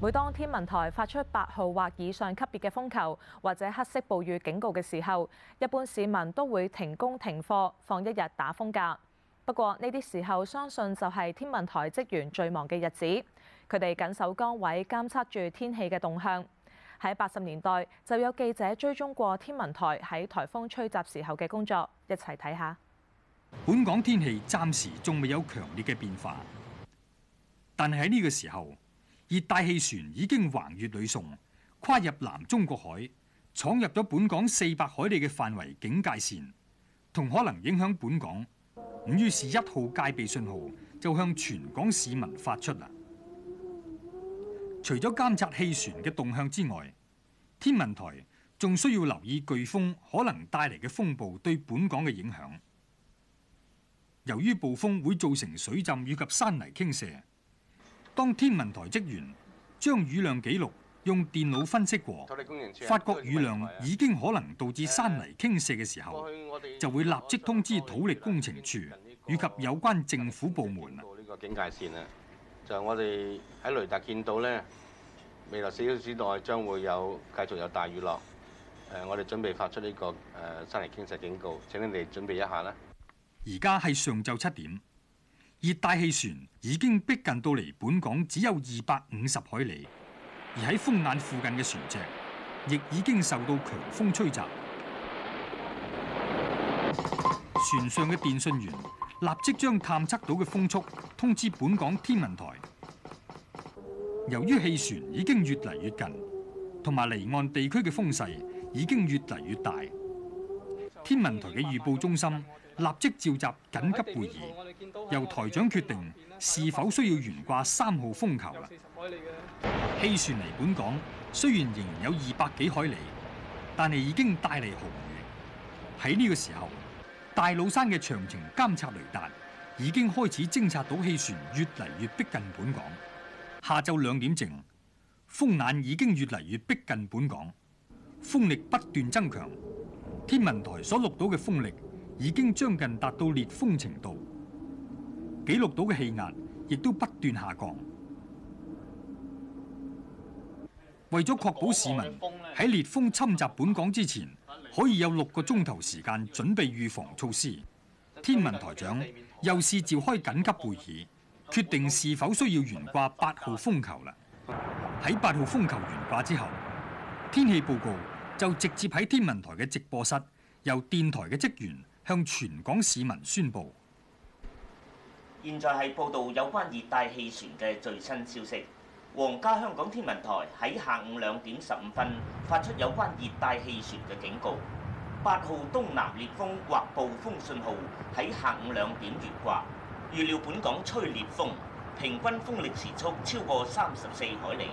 每當天文台發出八號或以上級別嘅風球或者黑色暴雨警告嘅時候，一般市民都會停工停課，放一日打風假。不過呢啲時候，相信就係天文台職員最忙嘅日子，佢哋緊守崗位，監測住天氣嘅動向。喺八十年代，就有記者追蹤過天文台喺台風吹襲時候嘅工作，一齊睇下。本港天氣暫時仲未有強烈嘅變化，但係喺呢個時候，熱帶氣旋已經橫越呂宋，跨入南中國海，闖入咗本港四百海里嘅範圍警戒線，同可能影響本港。於是，一號戒備信號就向全港市民發出啦。除咗監察氣旋嘅動向之外，天文台仲需要留意颶風可能帶嚟嘅風暴對本港嘅影響。由於暴風會造成水浸以及山泥傾瀉。當天文台職員將雨量記錄用電腦分析過，發覺雨量已經可能導致山泥傾瀉嘅時候，就會立即通知土力工程處以及有關政府部門。過呢個警戒線啦，就我哋喺雷達見到咧，未來四小時內將會有繼續有大雨落。誒，我哋準備發出呢個誒山泥傾瀉警告，請你哋準備一下啦。而家係上晝七點。熱帶氣旋已經逼近，到離本港只有二百五十海里，而喺風眼附近嘅船隻亦已經受到強風吹襲。船上嘅電訊員立即將探測到嘅風速通知本港天文台。由於氣旋已經越嚟越近，同埋離岸地區嘅風勢已經越嚟越大，天文台嘅預報中心。立即召集緊急會議，由台長決定是否需要懸掛三號風球啦。氣旋離本港雖然仍然有二百幾海里，但係已經帶嚟豪雨。喺呢個時候，大老山嘅長程監測雷達已經開始偵察到氣旋越嚟越逼近本港。下晝兩點正，風眼已經越嚟越逼近本港，風力不斷增強。天文台所錄到嘅風力。已經將近達到烈風程度，記錄到嘅氣壓亦都不斷下降。為咗確保市民喺烈風侵襲本港之前，可以有六個鐘頭時，時間準備預防措施，天文台長又試召開緊急會議，決定是否需要懸掛八號風球啦。喺八號風球懸掛之後，天氣報告就直接喺天文台嘅直播室，由電台嘅職員。向全港市民宣布，現在係報道有關熱帶氣旋嘅最新消息。皇家香港天文台喺下午兩點十五分發出有關熱帶氣旋嘅警告，八號東南烈風或暴風信號喺下午兩點懸掛，預料本港吹烈風，平均風力時速超過三十四海里。